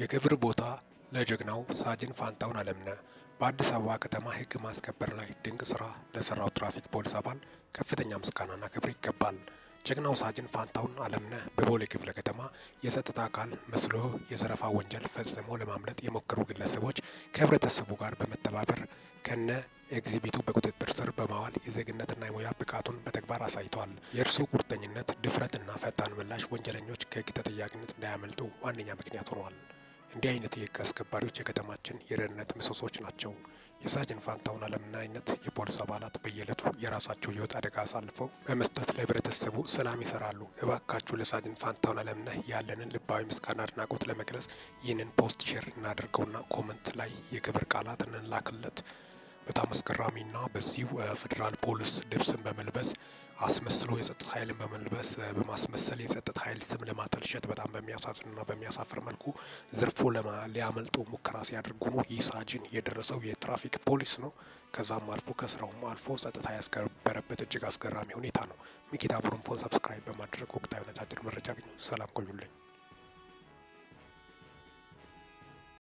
የክብር ቦታ ለጀግናው ሳጅን ፋንታውን አለምነ በአዲስ አበባ ከተማ ህግ ማስከበር ላይ ድንቅ ስራ ለሰራው ትራፊክ ፖሊስ አባል ከፍተኛ ምስጋናና ክብር ይገባል። ጀግናው ሳጅን ፋንታውን አለምነ በቦሌ ክፍለ ከተማ የጸጥታ አካል መስሎ የዘረፋ ወንጀል ፈጽሞ ለማምለጥ የሞከሩ ግለሰቦች ከህብረተሰቡ ጋር በመተባበር ከነ ኤግዚቢቱ በቁጥጥር ስር በማዋል የዜግነትና የሙያ ብቃቱን በተግባር አሳይቷል። የእርሱ ቁርጠኝነት፣ ድፍረትና ፈጣን ምላሽ ወንጀለኞች ከህግ ተጠያቂነት እንዳያመልጡ ዋነኛ ምክንያት ሆኗል። እንዲህ አይነት የህግ አስከባሪዎች የከተማችን የደህንነት ምሰሶች ናቸው። የሳጅን ፋንታውን አለምና አይነት የፖሊስ አባላት በየዕለቱ የራሳቸው ህይወት አደጋ አሳልፈው በመስጠት ለህብረተሰቡ ሰላም ይሰራሉ። እባካችሁ ለሳጅን ፋንታውን አለምና ያለንን ልባዊ ምስጋና አድናቆት ለመግለጽ ይህንን ፖስት ሼር እናደርገውና ኮመንት ላይ የክብር ቃላት እንላክለት። በጣም አስገራሚና በዚሁ ፌዴራል ፖሊስ ልብስን በመልበስ አስመስ በማስመሰል የጸጥታ ኃይል ስም ለማጠልሸት በጣም በሚያሳዝንና በሚያሳፍር መልኩ ዘርፎ ሊያመልጡ ሙከራ ሲያደርጉ ይህ ሳጅን የደረሰው የትራፊክ ፖሊስ ነው። ከዛም አልፎ ከስራውም አልፎ ጸጥታ ያስከበረበት እጅግ አስገራሚ ሁኔታ ነው። ሚኪታ ቡሩንፎን ሰብስክራይብ በማድረግ ወቅታዊ ነጫጭር መረጃ አግኙ። ሰላም ቆዩልኝ።